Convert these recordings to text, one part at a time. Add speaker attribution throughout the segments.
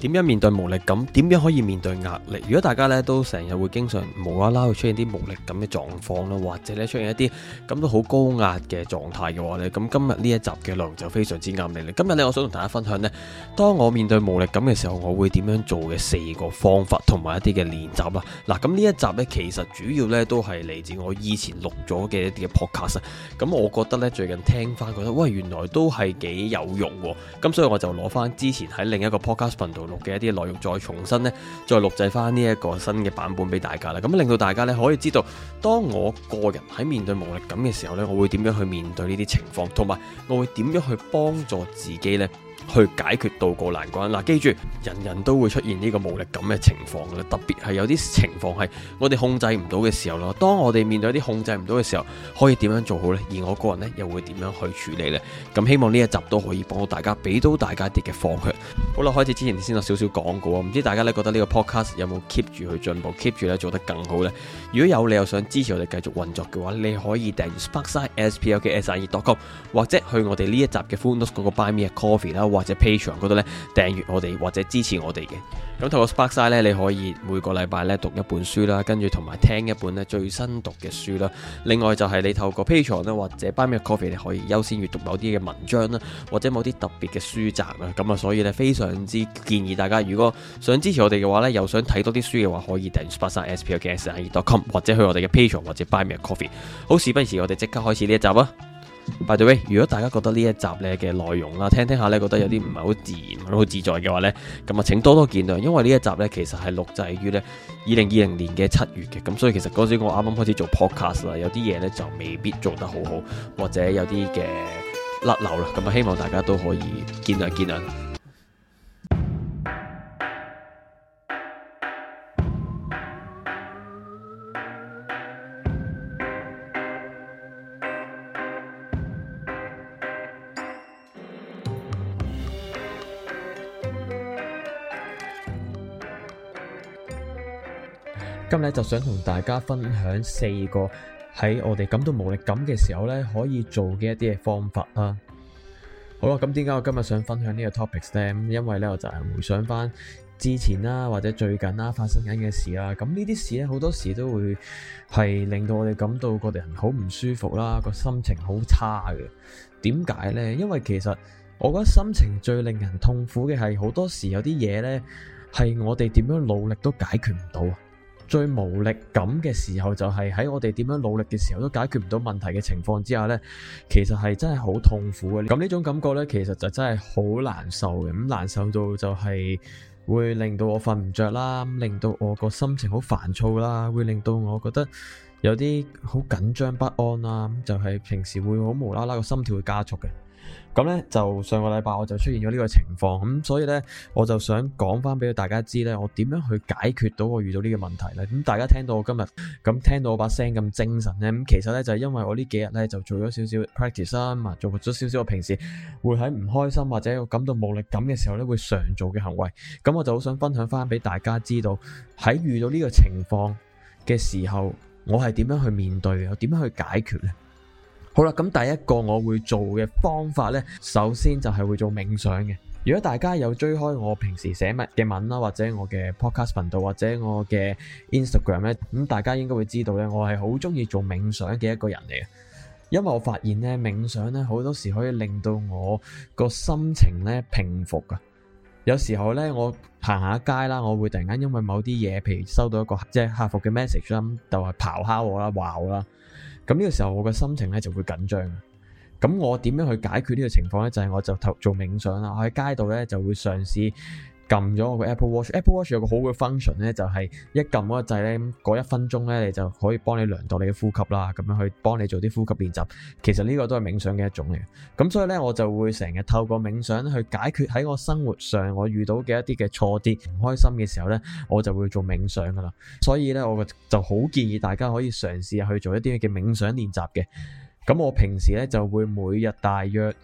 Speaker 1: 點樣面對無力感？點樣可以面對壓力？如果大家咧都成日會經常無啦啦會出現啲無力感嘅狀況啦，或者咧出現一啲咁都好高壓嘅狀態嘅話呢，咁今日呢一集嘅內容就非常之啱你啦。今日呢，我想同大家分享呢，當我面對無力感嘅時候，我會點樣做嘅四個方法同埋一啲嘅練習啦。嗱，咁呢一集呢，其實主要呢都係嚟自我以前錄咗嘅一啲嘅 podcast。咁我覺得呢，最近聽翻覺得，喂，原來都係幾有用喎。咁所以我就攞翻之前喺另一個 podcast 嗰度嘅一啲內容再重新呢，再錄製翻呢一個新嘅版本俾大家啦。咁令到大家呢可以知道，當我個人喺面對無力感嘅時候呢，我會點樣去面對呢啲情況，同埋我會點樣去幫助自己呢，去解決渡過難關嗱、啊，記住人人都會出現呢個無力感嘅情況啦，特別係有啲情況係我哋控制唔到嘅時候咯。當我哋面對啲控制唔到嘅時候，可以點樣做好呢？而我個人呢，又會點樣去處理呢？咁、啊、希望呢一集都可以幫到大家，俾到大家一啲嘅方向。好啦，開始之前先有少少講過啊，唔知大家咧覺得呢個 podcast 有冇 keep 住去進步，keep 住咧做得更好呢？如果有你又想支持我哋繼續運作嘅話，你可以訂閱 sparkside spk asia.com，或者去我哋呢一集嘅 fundus 嗰個 buy me a coffee 啦。或者 patreon 嗰度咧訂閱我哋或者支持我哋嘅，咁透過 sparkside 咧，你可以每個禮拜咧讀一本書啦，跟住同埋聽一本咧最新讀嘅書啦。另外就係你透過 patreon 咧或者 buy me a coffee，你可以優先閱讀某啲嘅文章啦，或者某啲特別嘅書集啦。咁啊，所以咧非常之建議大家，如果想支持我哋嘅話咧，又想睇多啲書嘅話，可以訂閱 sparkside s p k s d a i l 或者去我哋嘅 patreon 或者 buy me a coffee。好，事不宜遲我哋即刻開始呢一集啊！By the way, 如果大家覺得呢一集咧嘅內容啦，聽聽下咧覺得有啲唔係好自然，好自在嘅話呢，咁啊請多多見諒，因為呢一集咧其實係錄製於呢二零二零年嘅七月嘅，咁所以其實嗰陣時我啱啱開始做 podcast 啦，有啲嘢呢就未必做得好好，或者有啲嘅甩漏啦，咁啊希望大家都可以見諒見諒。今日就想同大家分享四個喺我哋感到無力感嘅時候咧可以做嘅一啲嘅方法啦。好啦，咁點解我今日想分享呢個 topic 咧？咁因為呢，我就係回想翻之前啦或者最近啦發生緊嘅事啦。咁呢啲事呢，好多時都會係令到我哋感到個人好唔舒服啦，個心情好差嘅。點解呢？因為其實我覺得心情最令人痛苦嘅係好多時有啲嘢呢，係我哋點樣努力都解決唔到。最無力感嘅時候，就係喺我哋點樣努力嘅時候都解決唔到問題嘅情況之下呢，其實係真係好痛苦嘅。咁呢種感覺呢，其實就真係好難受嘅。咁難受到就係會令到我瞓唔着啦，令到我個心情好煩躁啦，會令到我覺得有啲好緊張不安啦。就係、是、平時會好無啦啦個心跳會加速嘅。咁咧就上個禮拜我就出現咗呢個情況，咁所以呢，我就想講翻俾大家知呢，我點樣去解決到我遇到呢個問題呢？咁大家聽到我今日咁聽到我把聲咁精神呢，咁其實呢，就係因為我呢幾日呢，就做咗少少 practice 啊，做咗少少我平時會喺唔開心或者我感到無力感嘅時候呢，會常做嘅行為，咁我就好想分享翻俾大家知道喺遇到呢個情況嘅時候，我係點樣去面對又點樣去解決咧？好啦，咁第一個我會做嘅方法呢，首先就係會做冥想嘅。如果大家有追開我平時寫乜嘅文啦，或者我嘅 podcast 頻道或者我嘅 Instagram 呢，咁大家應該會知道呢，我係好中意做冥想嘅一個人嚟嘅。因為我發現呢，冥想呢好多時可以令到我個心情呢平復噶。有時候呢，我行下街啦，我會突然間因為某啲嘢，譬如收到一個即係客服嘅 message 咁，就係咆哮我啦，話我啦。咁呢個時候我嘅心情咧就會緊張，咁我點樣去解決呢個情況呢？就係、是、我就做冥想啦，我喺街度呢就會嘗試。撳咗我個 Apple Watch，Apple Watch 有個好嘅 function 咧，就係一撳嗰個掣咧，嗰一分鐘咧，你就可以幫你量度你嘅呼吸啦，咁樣去幫你做啲呼吸練習。其實呢個都係冥想嘅一種嚟嘅，咁所以咧我就會成日透過冥想去解決喺我生活上我遇到嘅一啲嘅挫折唔開心嘅時候咧，我就會做冥想噶啦。所以咧我就好建議大家可以嘗試去做一啲嘅冥想練習嘅。咁我平時咧就會每日大約。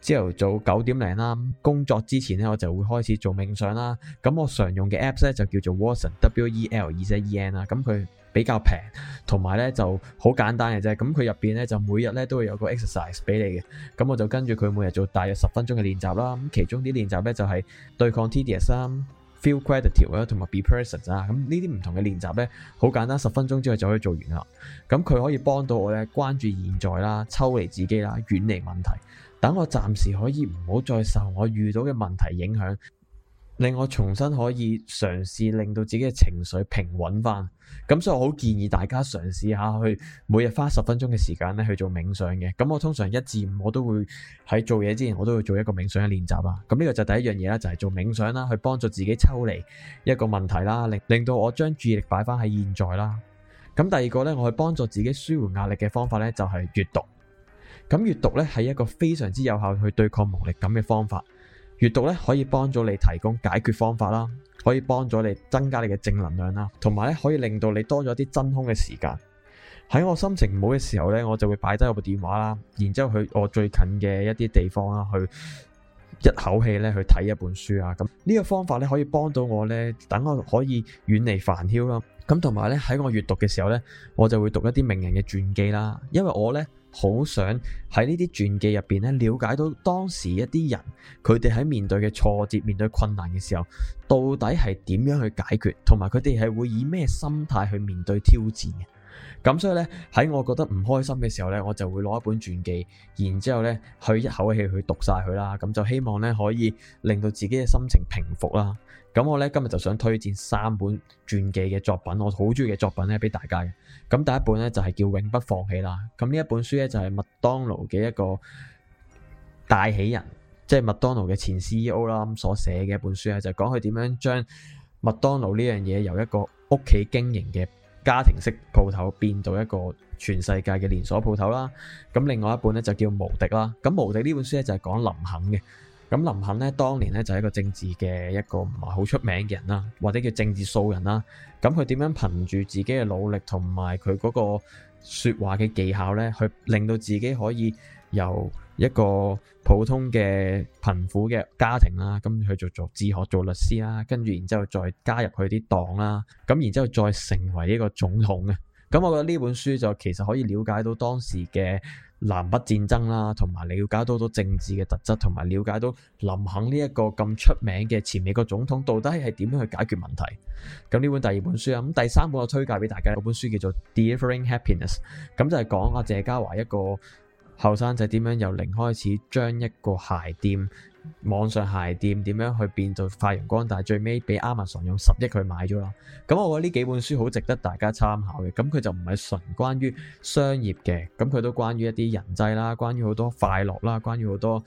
Speaker 1: 朝頭早九點零啦，工作之前咧我就會開始做冥想啦。咁我常用嘅 apps 咧就叫做 Watson，W-E-L-Z-E-N 啦。咁佢比較平，同埋咧就好簡單嘅啫。咁佢入邊咧就每日咧都會有個 exercise 俾你嘅。咁我就跟住佢每日做大約十分鐘嘅練習啦。咁其中啲練習咧就係對抗 tiredness feel gratitude 啊，resent，同埋 be present 啊。咁呢啲唔同嘅練習咧，好簡單，十分鐘之後就可以做完啦。咁佢可以幫到我咧，關注現在啦，抽離自己啦，遠離問題。等我暫時可以唔好再受我遇到嘅問題影響，令我重新可以嘗試令到自己嘅情緒平穩翻。咁所以我好建議大家嘗試下去，每日花十分鐘嘅時間咧去做冥想嘅。咁我通常一至五我都會喺做嘢之前，我都會做一個冥想嘅練習啊。咁呢個就第一樣嘢啦，就係做冥想啦，去幫助自己抽離一個問題啦，令令到我將注意力擺翻喺現在啦。咁第二個咧，我去幫助自己舒緩壓力嘅方法咧，就係閱讀。咁閱讀咧，係一個非常之有效去對抗無力感嘅方法。閱讀咧，可以幫助你提供解決方法啦，可以幫助你增加你嘅正能量啦，同埋咧可以令到你多咗啲真空嘅時間。喺我心情唔好嘅時候咧，我就會擺低我部電話啦，然之後去我最近嘅一啲地方啦，去一口氣咧去睇一本書啊。咁呢個方法咧可以幫到我咧，等我可以遠離煩囂啦。咁同埋咧喺我閱讀嘅時候咧，我就會讀一啲名人嘅傳記啦，因為我咧。好想喺呢啲傳記入邊咧，了解到當時一啲人佢哋喺面對嘅挫折、面對困難嘅時候，到底係點樣去解決，同埋佢哋係會以咩心態去面對挑戰嘅。咁所以咧，喺我覺得唔開心嘅時候咧，我就會攞一本傳記，然之後咧去一口氣去讀晒佢啦。咁就希望咧可以令到自己嘅心情平復啦。咁我咧今日就想推薦三本傳記嘅作品，我好中意嘅作品咧俾大家嘅。咁第一本咧就係、是、叫《永不放棄》就是就是、啦。咁呢一本書咧就係麥當勞嘅一個大起人，即係麥當勞嘅前 CEO 啦，咁所寫嘅一本書啊，就講佢點樣將麥當勞呢樣嘢由一個屋企經營嘅家庭式鋪頭變到一個全世界嘅連鎖鋪頭啦。咁另外一本咧就叫《無敵》啦。咁《無敵》呢本書咧就係、是、講林肯嘅。咁林肯咧，當年咧就係一個政治嘅一個唔係好出名嘅人啦，或者叫政治素人啦。咁佢點樣憑住自己嘅努力同埋佢嗰個說話嘅技巧咧，去令到自己可以由一個普通嘅貧苦嘅家庭啦，咁去做做自學做律師啦，跟住然之後再加入佢啲黨啦，咁然之後再成為一個總統嘅。咁我覺得呢本書就其實可以了解到當時嘅。南北戰爭啦，同埋了解到好多政治嘅特質，同埋了解到林肯呢一個咁出名嘅前美國總統到底係點樣去解決問題。咁呢本第二本書啊，咁第三本我推介俾大家嗰本書叫做《Delivering Happiness》，咁就係講阿謝家華一個後生仔點樣由零開始將一個鞋店。網上鞋店點樣去變到發揚光大？但最尾畀 Amazon 用十億去買咗啦。咁我覺得呢幾本書好值得大家參考嘅。咁佢就唔係純關於商業嘅，咁佢都關於一啲人際啦，關於好多快樂啦，關於好多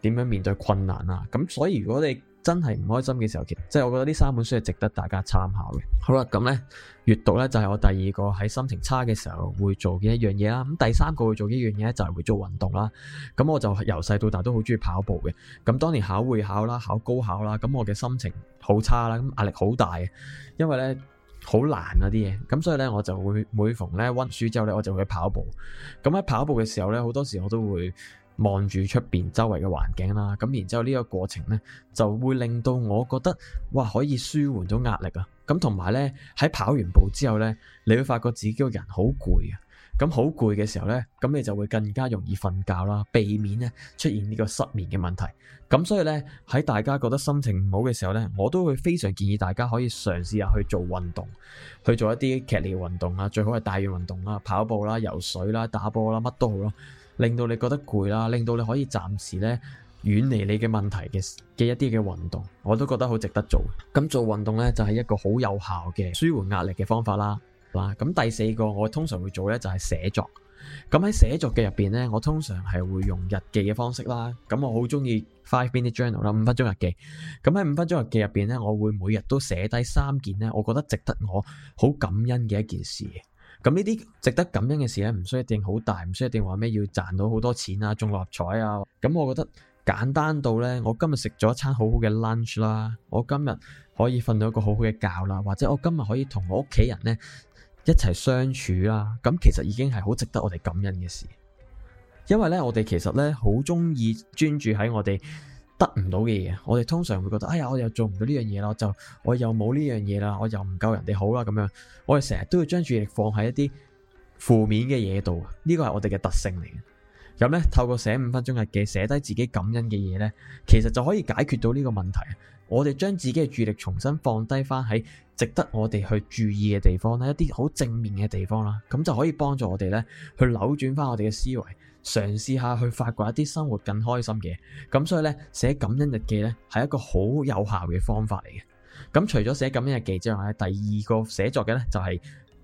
Speaker 1: 點樣面對困難啊。咁所以如果你真係唔開心嘅時候，即係我覺得呢三本書係值得大家參考嘅。好啦，咁呢閱讀呢，就係我第二個喺心情差嘅時候會做嘅一樣嘢啦。咁第三個會做呢樣嘢呢，就係會做運動啦。咁我就由細到大都好中意跑步嘅。咁當年考會考啦，考高考啦，咁我嘅心情好差啦，咁壓力好大，因為呢好難嗰啲嘢。咁所以呢，我就會每逢呢溫書之後呢，我就會去跑步。咁喺跑步嘅時候呢，好多時我都會。望住出邊周圍嘅環境啦，咁然之後呢個過程呢，就會令到我覺得哇可以舒緩咗壓力啊！咁同埋呢，喺跑完步之後呢，你會發覺自己個人好攰啊！咁好攰嘅時候呢，咁你就會更加容易瞓覺啦，避免呢出現呢個失眠嘅問題。咁所以呢，喺大家覺得心情唔好嘅時候呢，我都會非常建議大家可以嘗試下去做運動，去做一啲劇烈運動啊，最好係大型運動啦，跑步啦、游水啦、打波啦，乜都好咯。令到你覺得攰啦，令到你可以暫時咧遠離你嘅問題嘅嘅一啲嘅運動，我都覺得好值得做。咁做運動咧就係一個好有效嘅舒緩壓力嘅方法啦。嗱，咁第四個我通常會做咧就係寫作。咁喺寫作嘅入邊咧，我通常係會用日記嘅方式啦。咁我好中意 Five Minute Journal 啦，五分鐘日記。咁喺五分鐘日記入邊咧，我會每日都寫低三件咧，我覺得值得我好感恩嘅一件事。咁呢啲值得感恩嘅事咧，唔需要一定好大，唔需要一定話咩要賺到好多錢啊，中六合彩啊。咁我覺得簡單到咧，我今日食咗一餐好好嘅 lunch 啦，我今日可以瞓到一個好好嘅覺啦，或者我今日可以同我屋企人咧一齊相處啦。咁其實已經係好值得我哋感恩嘅事，因為咧我哋其實咧好中意專注喺我哋。得唔到嘅嘢，我哋通常會覺得，哎呀，我又做唔到呢樣嘢啦，我就我又冇呢樣嘢啦，我又唔夠人哋好啦，咁樣，我哋成日都要將注意力放喺一啲負面嘅嘢度，呢個係我哋嘅特性嚟嘅。咁咧，透過寫五分鐘日記，寫低自己感恩嘅嘢咧，其實就可以解決到呢個問題。我哋將自己嘅注意力重新放低翻喺值得我哋去注意嘅地方啦，一啲好正面嘅地方啦，咁就可以幫助我哋咧去扭轉翻我哋嘅思維。嘗試下去發掘一啲生活更開心嘅。咁所以咧，寫感恩日記咧，係一個好有效嘅方法嚟嘅。咁除咗寫感恩日記之外咧，第二個寫作嘅咧就係、是、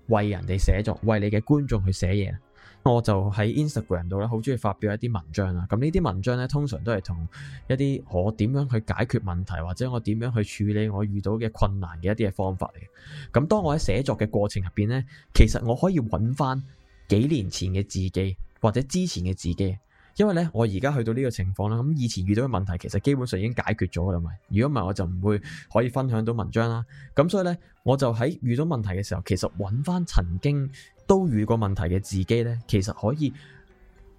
Speaker 1: 為人哋寫作，為你嘅觀眾去寫嘢。我就喺 Instagram 度咧，好中意發表一啲文章啦。咁呢啲文章咧，通常都係同一啲我點樣去解決問題，或者我點樣去處理我遇到嘅困難嘅一啲嘅方法嚟嘅。咁當我喺寫作嘅過程入邊咧，其實我可以揾翻幾年前嘅自己。或者之前嘅自己，因為咧我而家去到呢個情況啦，咁以前遇到嘅問題其實基本上已經解決咗噶啦，咪如果唔係我就唔會可以分享到文章啦。咁所以咧，我就喺遇到問題嘅時候，其實揾翻曾經都遇過問題嘅自己咧，其實可以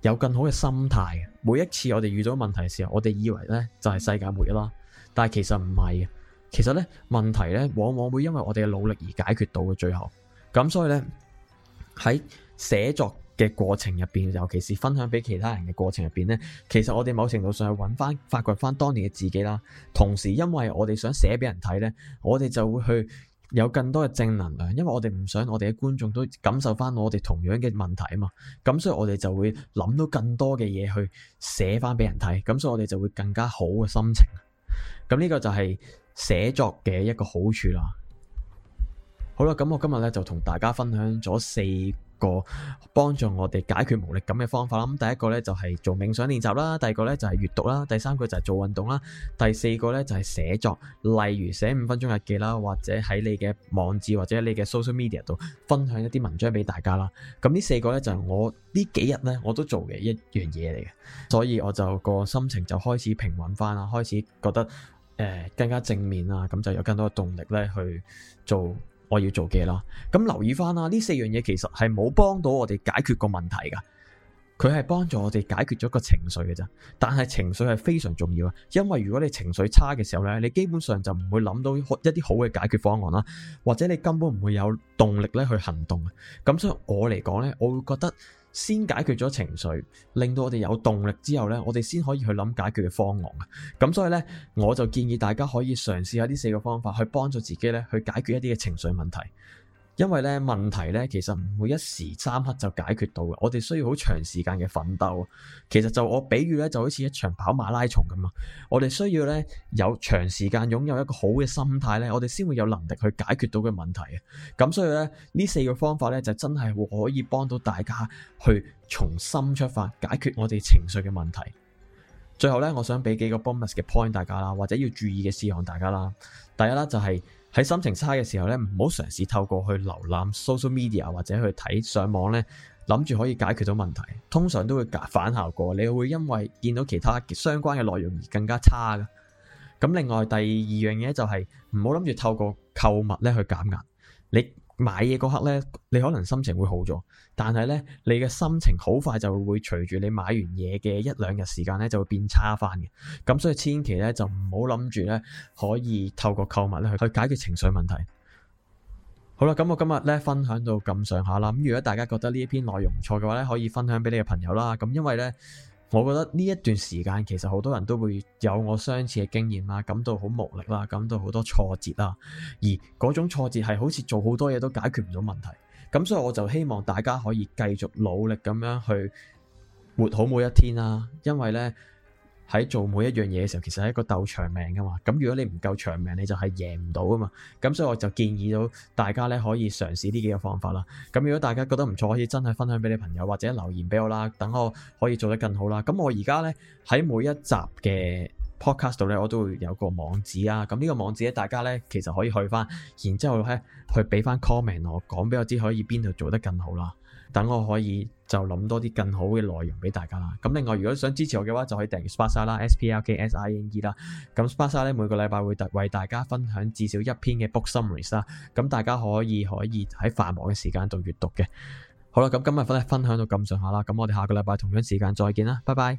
Speaker 1: 有更好嘅心態。每一次我哋遇到問題嘅時候，我哋以為咧就係世界末日啦，但係其實唔係嘅。其實咧問題咧往往會因為我哋嘅努力而解決到嘅最後。咁所以咧喺寫作。嘅過程入邊，尤其是分享俾其他人嘅過程入邊呢，其實我哋某程度上係搵翻、發掘翻當年嘅自己啦。同時，因為我哋想寫俾人睇呢，我哋就會去有更多嘅正能量，因為我哋唔想我哋嘅觀眾都感受翻我哋同樣嘅問題啊嘛。咁所以我哋就會諗到更多嘅嘢去寫翻俾人睇。咁所以我哋就會更加好嘅心情。咁呢個就係寫作嘅一個好處啦。好啦，咁我今日呢，就同大家分享咗四個幫助我哋解決無力感嘅方法啦，咁第一個呢，就係做冥想練習啦，第二個呢，就係閱讀啦，第三個就係做運動啦，第四個呢，就係寫作，例如寫五分鐘日記啦，或者喺你嘅網誌或者你嘅 social media 度分享一啲文章俾大家啦。咁呢四個呢，就係我呢幾日呢我都做嘅一樣嘢嚟嘅，所以我就個心情就開始平穩翻啦，開始覺得誒、呃、更加正面啦，咁就有更多嘅動力呢去做，我要做嘅啦，咁留意翻啦，呢四樣嘢其實係冇幫到我哋解決個問題噶，佢係幫助我哋解決咗個情緒嘅啫。但係情緒係非常重要啊，因為如果你情緒差嘅時候呢，你基本上就唔會諗到一啲好嘅解決方案啦，或者你根本唔會有動力咧去行動。咁所以我嚟講呢，我會覺得。先解決咗情緒，令到我哋有動力之後咧，我哋先可以去諗解決嘅方案啊！咁所以咧，我就建議大家可以嘗試下呢四個方法，去幫助自己咧去解決一啲嘅情緒問題。因為咧問題咧其實唔會一時三刻就解決到嘅，我哋需要好長時間嘅奮鬥。其實就我比喻咧，就好似一場跑馬拉松咁嘛。我哋需要咧有長時間擁有一個好嘅心態咧，我哋先會有能力去解決到嘅問題。咁所以咧，呢四個方法咧就真係會可以幫到大家去從心出發解決我哋情緒嘅問題。最後咧，我想俾幾個 bonus 嘅 point 大家啦，或者要注意嘅事項大家啦。第一啦、就係，就係。喺心情差嘅時候咧，唔好嘗試透過去瀏覽 social media 或者去睇上網咧，諗住可以解決到問題，通常都會反效果。你會因為見到其他相關嘅內容而更加差噶。咁另外第二樣嘢就係唔好諗住透過購物咧去減壓，你。買嘢嗰刻呢，你可能心情會好咗，但係呢，你嘅心情好快就會隨住你買完嘢嘅一兩日時間呢就會變差翻嘅。咁所以千祈呢，就唔好諗住呢可以透過購物咧去解決情緒問題。好啦，咁我今日呢分享到咁上下啦。咁如果大家覺得呢一篇內容唔錯嘅話呢，可以分享俾你嘅朋友啦。咁因為呢。我覺得呢一段時間，其實好多人都會有我相似嘅經驗啦，感到好無力啦，感到好多挫折啦，而嗰種挫折係好似做好多嘢都解決唔到問題，咁所以我就希望大家可以繼續努力咁樣去活好每一天啦，因為咧。喺做每一樣嘢嘅時候，其實係一個鬥長命噶嘛。咁如果你唔夠長命，你就係贏唔到噶嘛。咁所以我就建議到大家咧可以嘗試呢幾個方法啦。咁如果大家覺得唔錯，可以真係分享俾你朋友或者留言俾我啦。等我可以做得更好啦。咁我而家咧喺每一集嘅 podcast 度咧，我都會有個網址啊。咁呢個網址咧，大家咧其實可以去翻，然之後咧去俾翻 comment 我，講俾我知可以邊度做得更好啦。等我可以就諗多啲更好嘅內容俾大家啦。咁另外，如果想支持我嘅話，就可以訂閱 Sparksine 啦 （S P A R K S I N E） 啦。咁 Sparksine 咧，每個禮拜會特為大家分享至少一篇嘅 book summaries 啦。咁大家可以可以喺繁忙嘅時間度閱讀嘅。好啦，咁今日分分享到咁上下啦。咁我哋下個禮拜同樣時間再見啦。拜拜。